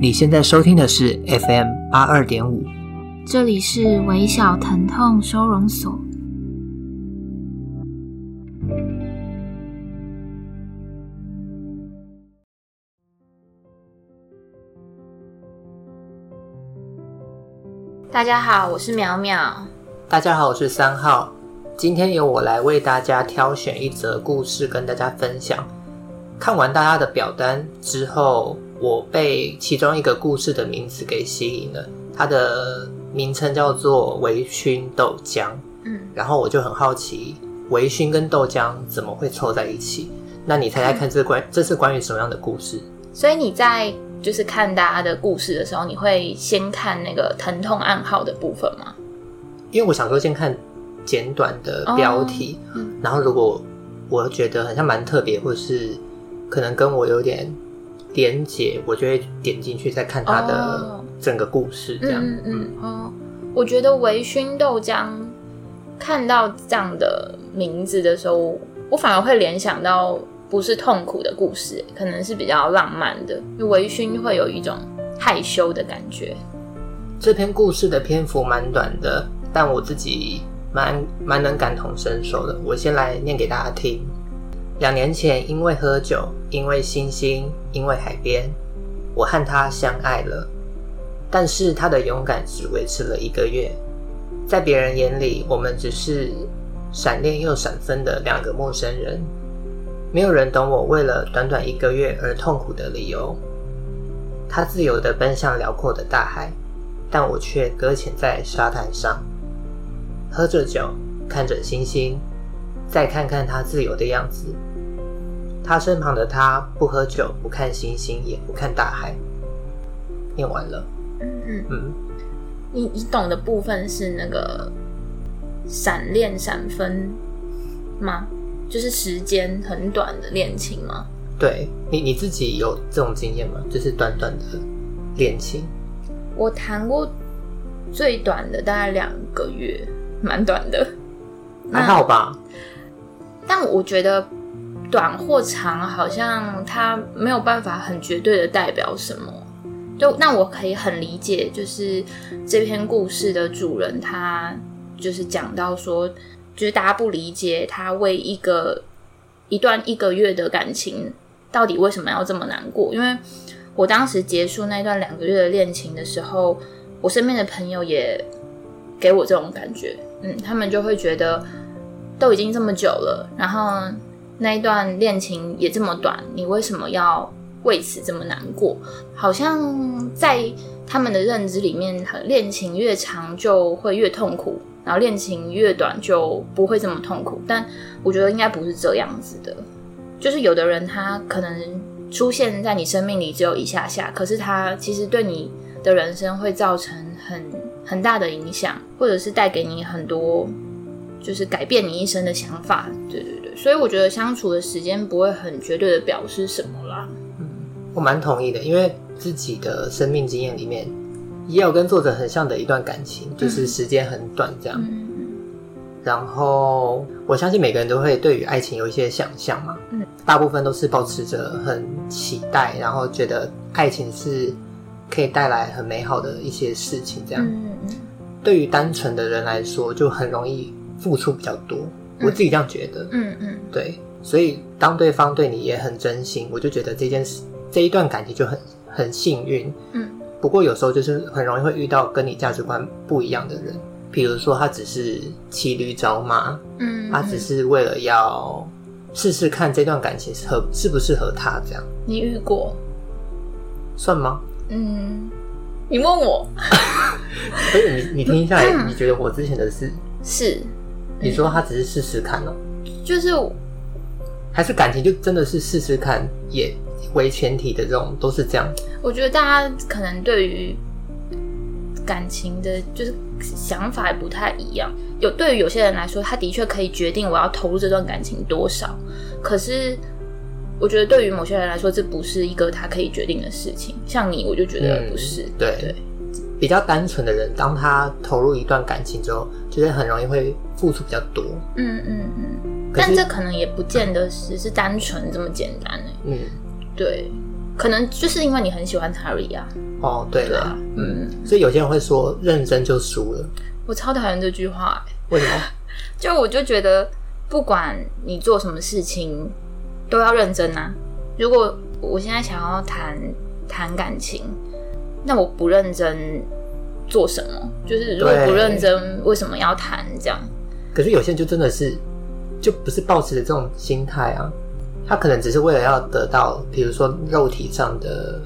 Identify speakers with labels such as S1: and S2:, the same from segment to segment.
S1: 你現在收聽的是 FM 八二點五，
S2: 這裡是微小疼痛收容所。
S3: 大家好，我是淼淼。
S1: 大家好，我是三號。今天由我來為大家挑選一則故事跟大家分享。看完大家的表單之後，我被其中一個故事的名字給吸引了，它的名稱叫做“微醺豆漿”，嗯，然後我就很好奇“微醺”跟“豆漿”怎麼會湊在一起。那你猜猜看，這關、嗯、這是關於什麼樣的故事？
S3: 所以你在就是看大家的故事的時候，你會先看那個疼痛暗號的部分嗎？
S1: 因為我想說，先看簡短的標題，哦、嗯，然後如果我覺得好像蠻特別，或是可能跟我有點。點解我就會點進去再看他的整個故事，這樣、
S3: oh, 嗯。嗯，嗯，我覺得微醺豆漿，看到這樣的名字的時候，我反而會聯想到不是痛苦的故事，可能是比較浪漫的，因為微醺會有一種害羞的感覺。
S1: 這篇故事的篇幅蠻短的，但我自己蠻蠻能感同身受的，我先來念給大家聽。兩年前，因為喝酒，因為星星，因為海邊，我和他相愛了。但是他的勇敢只維持了一個月，在別人眼裡，我們只是閃戀又閃分的兩個陌生人。沒有人懂我為了短短一個月而痛苦的理由。他自由的奔向遼闊的大海，但我卻擱淺在沙灘上，喝着酒，看着星星，再看看他自由的樣子。他身旁的他不喝酒，不看星星，也不看大海。念完了，
S3: 嗯嗯你你懂的部分是那個閃戀閃分嗎？就是時間很短的戀情嗎？
S1: 對，你你自己有這種經驗嗎？就是短短的戀情？
S3: 我談過最短的大概兩個月，蠻短的，
S1: 還好
S3: 吧？但我覺得。短或長，好像他沒有辦法很絕對的代表什麼。就那我可以很理解，就是這篇故事的主人，他就是講到說，就是大家不理解他為一個一段一個月的感情，到底為什麼要這麼難過？因為我當時結束那段兩個月的戀情的時候，我身邊的朋友也給我這種感覺，嗯，他們就會覺得都已經這麼久了，然後。那一段戀情也這麼短，你為什麼要為此這麼難過？好像在他們的認知裡面，戀情越長就會越痛苦，然後戀情越短就不會這麼痛苦。但我覺得應該不是這樣子的，就是有的人他可能出現在你生命裡只有一下下，可是他其實對你的人生會造成很很大的影響，或者是帶給你很多，就是改變你一生的想法。對對。所以我覺得相處的時間不會很絕對的表示什麼啦。嗯，
S1: 我蠻同意的，因為自己的生命經驗裡面，也有跟作者很像的一段感情，就是時間很短這樣。
S3: 嗯嗯嗯。
S1: 然後我相信每個人都會對於愛情有一些想象嘛。嗯。大部分都是抱持着很期待，然後覺得愛情是可以帶來很美好的一些事情這樣。嗯嗯。對於單純的人來說，就很容易付出比較多。我自己這樣覺得，嗯嗯，嗯嗯對，所以當對方對你也很真心，我就覺得這件事這一段感情就很很幸運。嗯，不過有時候就是很容易會遇到跟你價值觀不一樣的人，比如說他只是騎驢找馬，嗯，他只是為了要試試看這段感情是合適不適合他，這樣。你遇過，算嗎？嗯，
S3: 你問我，
S1: 所以你你聽一下，嗯、你覺得我之前的事是。是你說他只是試試看嘍、喔嗯，
S3: 就是我，
S1: 還是感情就真的是試試看也為前提的這種都是這樣
S3: 子。我覺得大家可能對於感情的，就是想法不太一樣。有對於有些人來說，他的確可以決定我要投入這段感情多少。可是我覺得對於某些人來說，這不是一個他可以決定的事情。像你，我就覺得不是、嗯、
S1: 對。對比較單純的人，當他投入一段感情之後，就是很容易會付出比較多。嗯嗯嗯，
S3: 嗯嗯是但這可能也不見得是，嗯，是單純這麼簡單，欸，嗯，對，可能就是因為你很喜歡 Terry 啊。
S1: 哦，對了，嗯，所以有些人會說認真就輸了。
S3: 我超討厭這句話，欸，為什麼？就我就覺得，不管你做什麼事情，都要認真啊。如果我現在想要談談感情。那我不認真做什麼？就是如果不認真，為什麼要談這樣？
S1: 可是有些人就真的是，就不是抱持著這種心態啊，他可能只是為了要得到，比如說肉體上的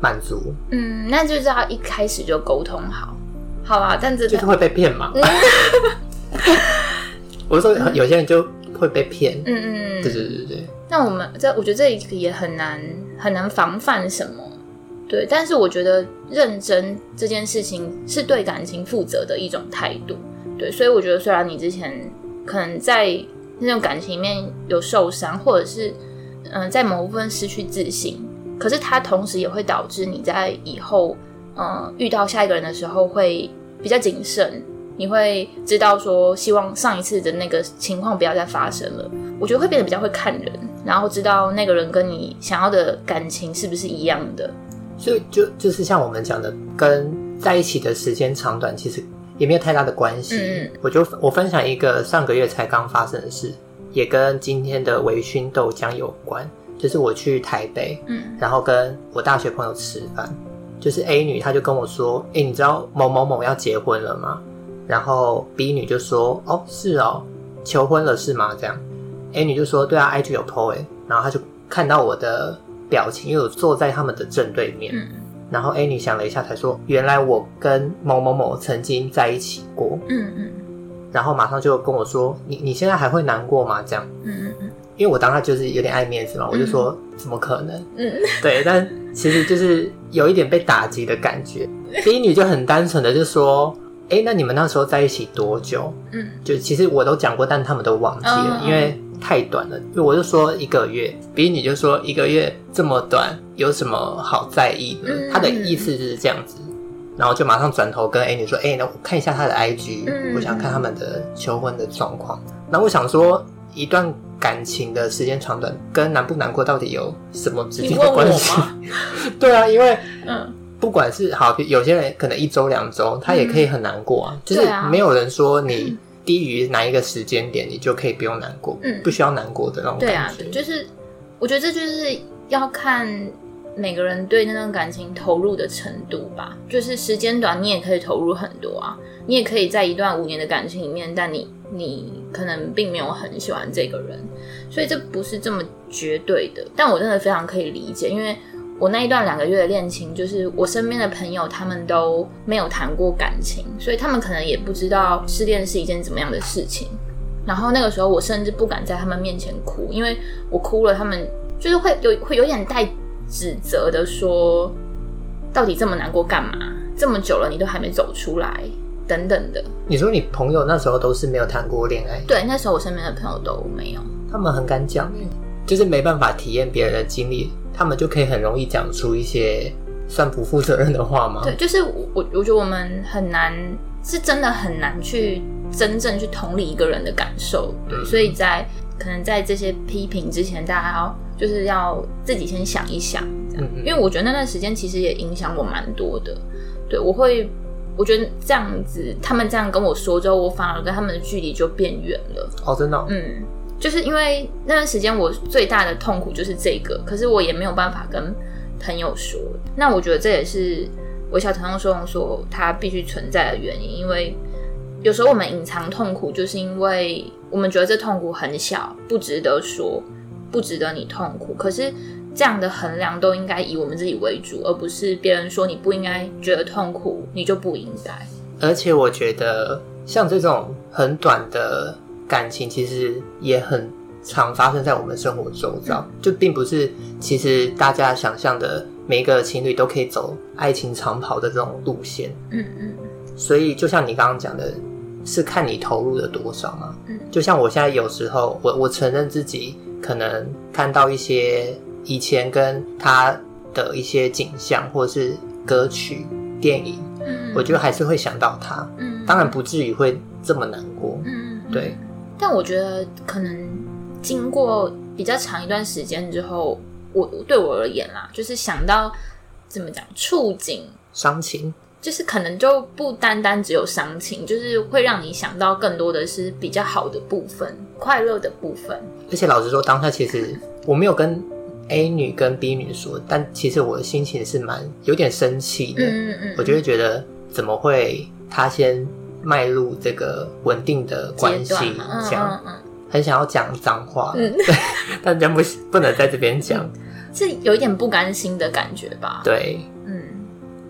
S1: 滿足。嗯，
S3: 那就是要一開始就溝通好，好吧？這就是會被騙嘛。
S1: 我就說有些人就會被騙。嗯
S3: 嗯嗯。對對對對。那我們這，我覺得這也很難，很難防範什麼。對，但是我覺得認真這件事情是對感情負責的一種態度。對，所以我覺得雖然你之前可能在那種感情裡面有受傷，或者是嗯，在某部分失去自信，可是它同時也會導致你在以後嗯，遇到下一個人的時候會比較謹慎。你會知道說，希望上一次的那個情況不要再發生了。我覺得會變得比較會看人，然後知道那個人跟你想要的感情是不是一樣的。所以就就是像我
S1: 們講的，跟在一起的時間長短其實也沒有太大的關係。嗯嗯，我就我分享一個上個月才剛發生的事，也跟今天的微醺豆漿有關。就是我去台北，嗯，然後跟我大學朋友吃飯，嗯嗯，就是 A 女，她就跟我說：“誒、欸、你知道某某某要結婚了嗎？”然後 B 女就說：“哦、喔，是哦、喔，求婚了是嗎？”這樣，A 女就說：“對啊，I G 有 po 誒、欸。”然後她就看到我的。表情，因為我坐在他們的正對面。嗯、然後 A 女、欸、想了一下，才說：“原來我跟某某某曾經在一起過。”嗯嗯，然後馬上就跟我說：“你你現在還會難過嗎？”這樣。嗯、因為我當時就是有點愛面子嘛，我就說：“嗯、怎麼可能？”嗯、對，但其實就是有一點被打擊的感覺。B 女就很單純的就說：“哎、欸，那你們那時候在一起多久？”嗯、就其實我都講過，但他們都忘記了，哦、因為。太短了，就我就說一個月，比你就說一個月這麼短，有什麼好在意的？嗯、他的意思就是這樣子，然後就馬上轉頭跟 a 女說：“哎、欸，那我看一下他的 IG，、嗯、我想看他們的求婚的狀況。”那我想說，一段感情的時間長短跟難不難過到底有什麼直接的關係？嗎 對啊，因為不管是好，有些人可能一周兩周，他也可以很難過啊，嗯、就是沒有人說你。低於哪一個時間點，你就可以不用難過，嗯，不需要難過的那種感覺。
S3: 對啊，就是我覺得這就是要看每個人對那段感情投入的程度吧。就是時間短，你也可以投入很多啊，你也可以在一段五年的感情裡面，但你你可能並沒有很喜歡這個人，所以這不是這麼絕對的。但我真的非常可以理解，因為。我那一段兩個月的戀情，就是我身邊的朋友他們都沒有談過感情，所以他們可能也不知道失戀是一件怎麼樣的事情。然後那個時候，我甚至不敢在他們面前哭，因為我哭了，他們就是會有會有點帶指責的說，到底這麼難過幹嘛？這麼久了你都還沒走出來，等等的。
S1: 你說你朋友那時候都是沒有談過戀愛？
S3: 對，那時候我身邊的朋友都沒有。他們很敢講，嗯、
S1: 就是沒辦法體驗別人的經歷。他們就可以很容易講出一些算不負責任的話嗎？對，
S3: 就是我，我我覺得我們很難，是真的很難去真正去同理一個人的感受。對，嗯嗯，所以在可能在這些批評之前，大家要就是要自己先想一想。嗯，嗯，因為我覺得那段時間其實也影響我蠻多的。對，我會，我覺得這樣子，他們這樣跟我說之後，我反而跟他們的距離就變遠了。哦，真的哦？嗯。就是因為那段時間我最大的痛苦就是這個，可是我也沒有辦法跟朋友說。那我覺得這也是我小唐說的。說他必須存在的原因，因為有時候我們隱藏痛苦，就是因為我們覺得這痛苦很小，不值得說，不值得你痛苦。可是這樣的衡量都應該以我們自己為主，而不是別人說你不應該覺得痛苦，你就不應該。
S1: 而且我覺得像這種很短的。感情其實也很常發生在我們生活周遭，就並不是其實大家想象的每一個情侶都可以走愛情長跑的這種路線。嗯嗯。所以就像你剛剛講的，是看你投入了多少嗎？嗯。就像我現在有時候，我我承認自己可能看到一些以前跟他的一些景象，或者是歌曲、電影，嗯，
S3: 我覺得還
S1: 是會想到他。嗯。當然不至於會這麼難過。嗯。對。
S3: 但我覺得可能經過比較長一段時間之後，我對我而言啦、啊，就是想到怎麼講觸景傷情，就是可能就不單單只有傷情，就是會讓你想到更多的是比較好的部分、快樂的部分。
S1: 而且老實說，當下其實我沒有跟 A 女跟 B 女說，但其實我的心情是蠻有點生氣的。嗯，嗯嗯，我就會覺得怎麼會他先。邁入這個穩定的關係，這樣很想要講髒話，嗯、對，但人家不不能在這邊講，
S3: 是、嗯、有一點不甘心的感覺吧？對，
S1: 嗯、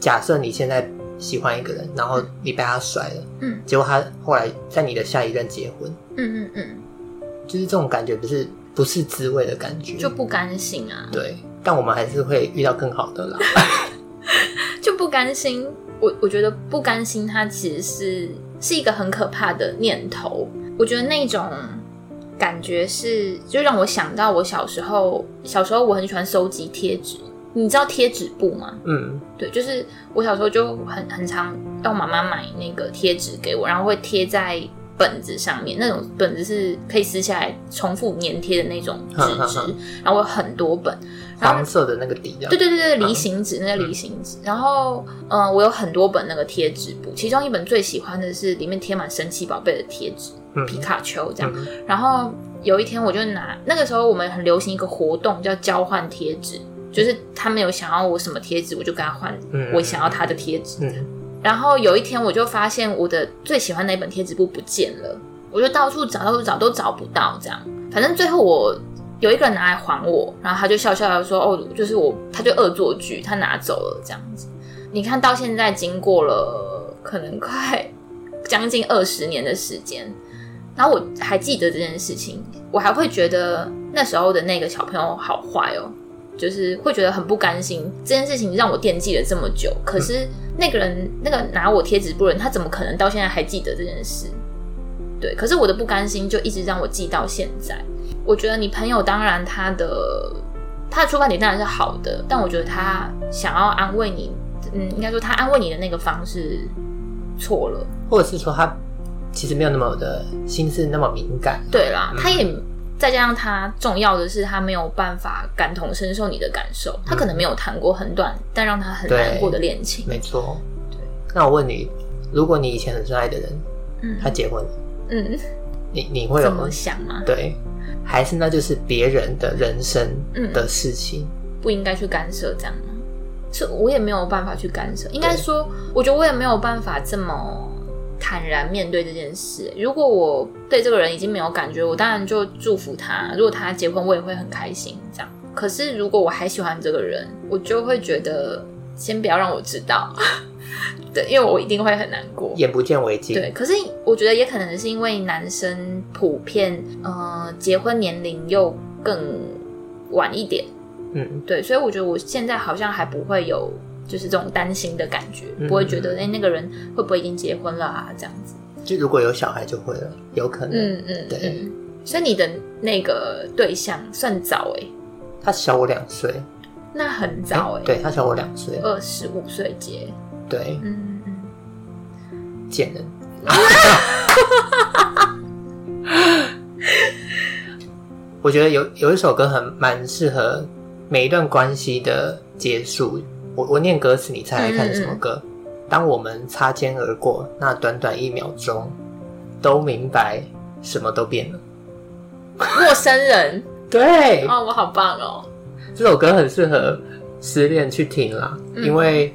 S1: 假設你現在喜歡一個人，然後你被他甩了，嗯，結果他後來在你的下一任結婚，嗯
S3: 嗯
S1: 嗯，就是這種感覺，不是不是滋味的感覺，就
S3: 不甘心啊。
S1: 對，但我們還是會遇到更好的啦，
S3: 就不甘心。我我覺得不甘心，它其實是是一個很可怕的念頭。我覺得那種感覺是，就讓我想到我小時候，小時候我很喜歡收集貼紙，你知道貼紙布嗎？嗯，對，就是我小時候就很很常要媽媽買那個貼紙給我，然後會貼在本子上面那種本子是可以撕下來重複粘貼的那種紙，嗯嗯嗯、然後我有很多本，嗯、那黃色的那個底、啊，對對對對，嗯、離型紙，那叫、個、離型紙。嗯、然後，嗯、呃，我有很多本那個貼紙簿，其中一本最喜歡的是裡面貼滿神奇寶貝的貼紙，嗯、皮卡丘這樣。嗯嗯、然後有一天我就拿，那個時候我們很流行一個活動叫交換貼紙，就是他們有想要我什麼貼紙，我就給他換，我想要他的貼紙。嗯嗯嗯然後有一天，我就發現我的最喜歡的那本貼紙簿不見了，我就到處找，到處找，都找不到。這樣，反正最後我有一個人拿來還我，然後他就笑笑的說：“哦，就是我，他就惡作劇，他拿走了這樣子。”你看到現在，經過了可能快將近二十年的時間，然後我還記得這件事情，我還會覺得那時候的那個小朋友好壞哦。就是會覺得很不甘心，這件事情讓我惦記了這麼久。可是那個人，嗯、那個拿我貼紙不人，他怎麼可能到現在還記得這件事？對，可是我的不甘心就一直讓我記到現在。我覺得你朋友當然他的他的出發點當然是好的，但我覺得他想要安慰你，嗯，應該說他安慰你的那個方式錯了，
S1: 或者是說他其實沒有那麼的心思那麼敏感。對啦，嗯、他也。
S3: 再加上他重要的是，他沒有辦法感同身受你的感受，他可能沒有談過很短，嗯、但讓他很難過的戀
S1: 情。沒錯，對。那我問你，如果你以前很相愛的人，嗯，他結婚了，嗯，你你會怎麼
S3: 想嗎？對，
S1: 還是那就是別人的人生，的事情，嗯、
S3: 不應該去干涉，這樣嗎？是我也沒有辦法去干涉，對應該說，我覺得我也沒有辦法這麼。坦然面對這件事。如果我對這個人已經沒有感覺，我當然就祝福他。如果他結婚，我也會很開心。這樣。可是如果我還喜歡這個人，我就會覺得先不要讓我知道。 對，因為我一定會很難過。
S1: 眼不見為淨。對。可
S3: 是我覺得也可能是因為男生普遍，嗯、呃，結婚年齡又更晚一點。嗯。對。所以我覺得我現在好像還不會有。就是這種擔心的感覺，不會覺得哎、嗯嗯欸，那個人會不會已經結婚了啊？這樣子，
S1: 就如果有小孩就會了，有可能。嗯
S3: 嗯,嗯嗯，對。所以你的那個對象算早哎、欸欸
S1: 嗯，他小我兩歲，
S3: 那很早
S1: 哎，對他小我兩歲，
S3: 二十五歲結，對，嗯嗯，賤人。
S1: 我覺得有有一首歌很蠻適合每一段關係的結束。我我念歌詞，你猜猜看什麼歌？嗯嗯，當我們擦肩而過，那短短一秒鐘，都明白什麼都變
S3: 了。陌生人， 對啊、哦，我好棒哦！
S1: 這首歌很適合失戀去聽啦，嗯、因為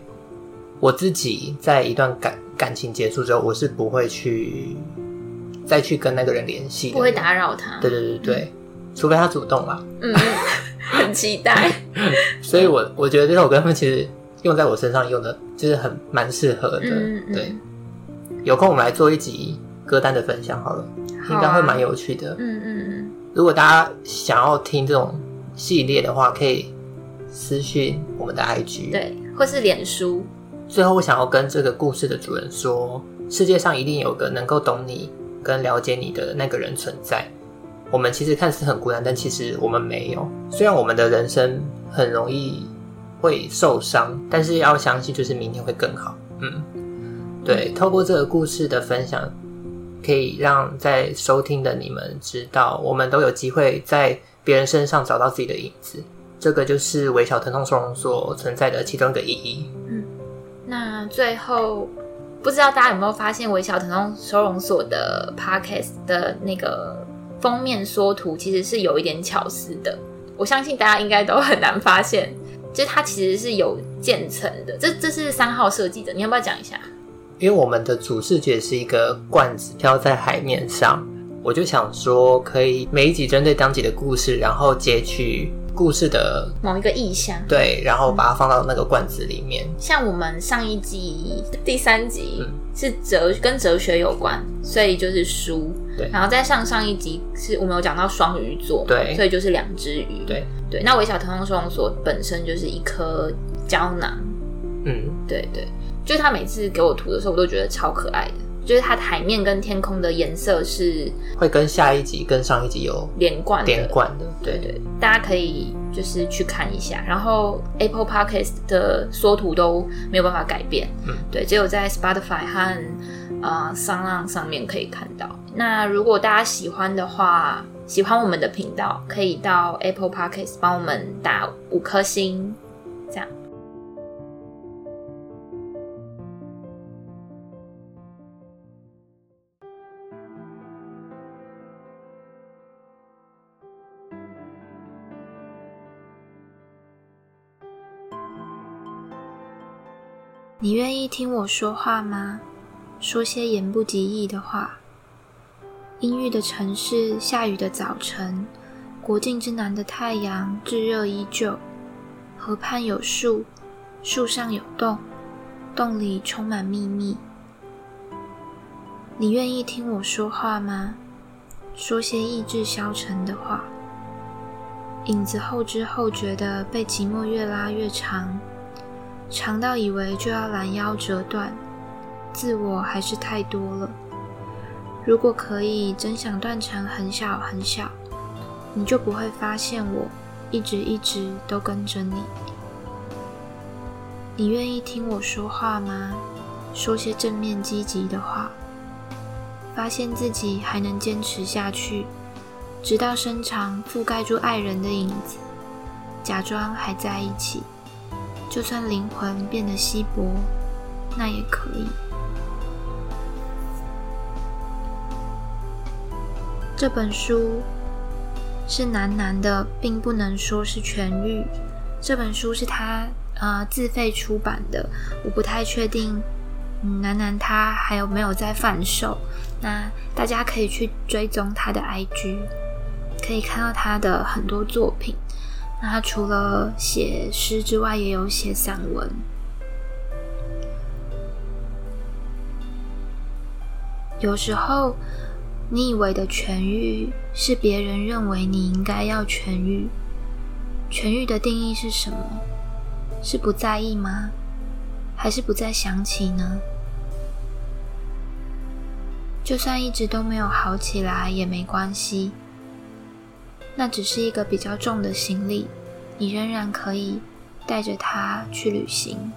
S1: 我自己在一段感感情結束之後，我是不會去再去跟那個人聯繫，不會
S3: 打擾他。對對對對，嗯、
S1: 除非他主動啦。嗯，嗯。
S3: 期待，
S1: 所以我我覺得這首歌其實用在我身上用的，就是很蠻適合的。嗯嗯嗯對，有空我們來做一集歌單的分享，好了，好啊、應該會蠻有趣的。嗯嗯
S3: 嗯。
S1: 如果大家想要聽這種系列的話，可以私訊我們的 IG，
S3: 對，或是臉
S1: 書。最後，我想要跟這個故事的主人說：世界上一定有個能夠懂你跟了解你的那個人存在。我們其實看似很孤單，但其實我們沒有。雖然我們的人生很容易會受傷，但是要相信，就是明天會更好。嗯，對。透過這個故事的分享，可以讓在收聽的你們知道，我們都有機會在別人身上找到自己的影子。這個就是微小疼痛收容所存在的其中一個意義。嗯，
S3: 那最後不知道大家有沒有發現，微小疼痛收容所的 podcast 的那個。封面縮圖其實是有一點巧思的，我相信大家應該都很難發現，其實它其實是有漸層的。這這是三號設計的，你要不要講一下？
S1: 因為我們的主視覺是一個罐子飄在海面上，我就想說可以每一集針對當集的故事，然後截取故事的
S3: 某一個意象，對，
S1: 然後把它放到那個罐子裡面。
S3: 嗯、像我們上一集第三集、嗯、是哲跟哲學有關，所以就是書。對然後在上上一集是我們有講到雙魚座，對，所以就是兩隻魚，對對。那微小疼痛收容所本身就是一顆膠囊，嗯，
S1: 對，
S3: 對對，就他每次給我塗的時候，我都覺得超可愛的。就是它台面跟天空的顏色是
S1: 會跟下一集跟上一集有
S3: 連貫的，連貫的，貫對，對對。大家可以就是去看一下，然後 Apple Podcast 的縮圖都沒有辦法改變，嗯、對，只有在 Spotify 和呃，上浪上面可以看到。那如果大家喜歡的話，喜歡我們的頻道，可以到 Apple Podcast 幫我們打五顆星，這樣。
S2: 你願意聽我說話嗎？說些言不及義的話。陰鬱的城市，下雨的早晨，國境之南的太陽炙熱依舊，河畔有樹，樹上有洞，洞裡充滿秘密。你願意聽我說話嗎？說些意志消沉的話。影子後知後覺的被寂寞越拉越長，長到以為就要攔腰折斷。自我還是太多了。如果可以，真想斷成很小很小，你就不會發現我一直一直都跟着你。你願意聽我說話嗎？說些正面積極的話，發現自己還能堅持下去，直到身長覆蓋住愛人的影子，假裝還在一起，就算靈魂變得稀薄，那也可以。這本書是喃喃的，並不能說是痊癒。這本書是他呃自費出版的，我不太確定喃喃、嗯、他還有沒有在販售。那大家可以去追蹤他的 IG，可以看到他的很多作品。那他除了寫詩之外，也有寫散文，有時候。你以為的痊癒，是別人認為你應該要痊癒。痊癒的定義是什麼？是不在意嗎？還是不再想起呢？就算一直都沒有好起來也沒關係，那只是一個比較重的行李，你仍然可以帶着它去旅行。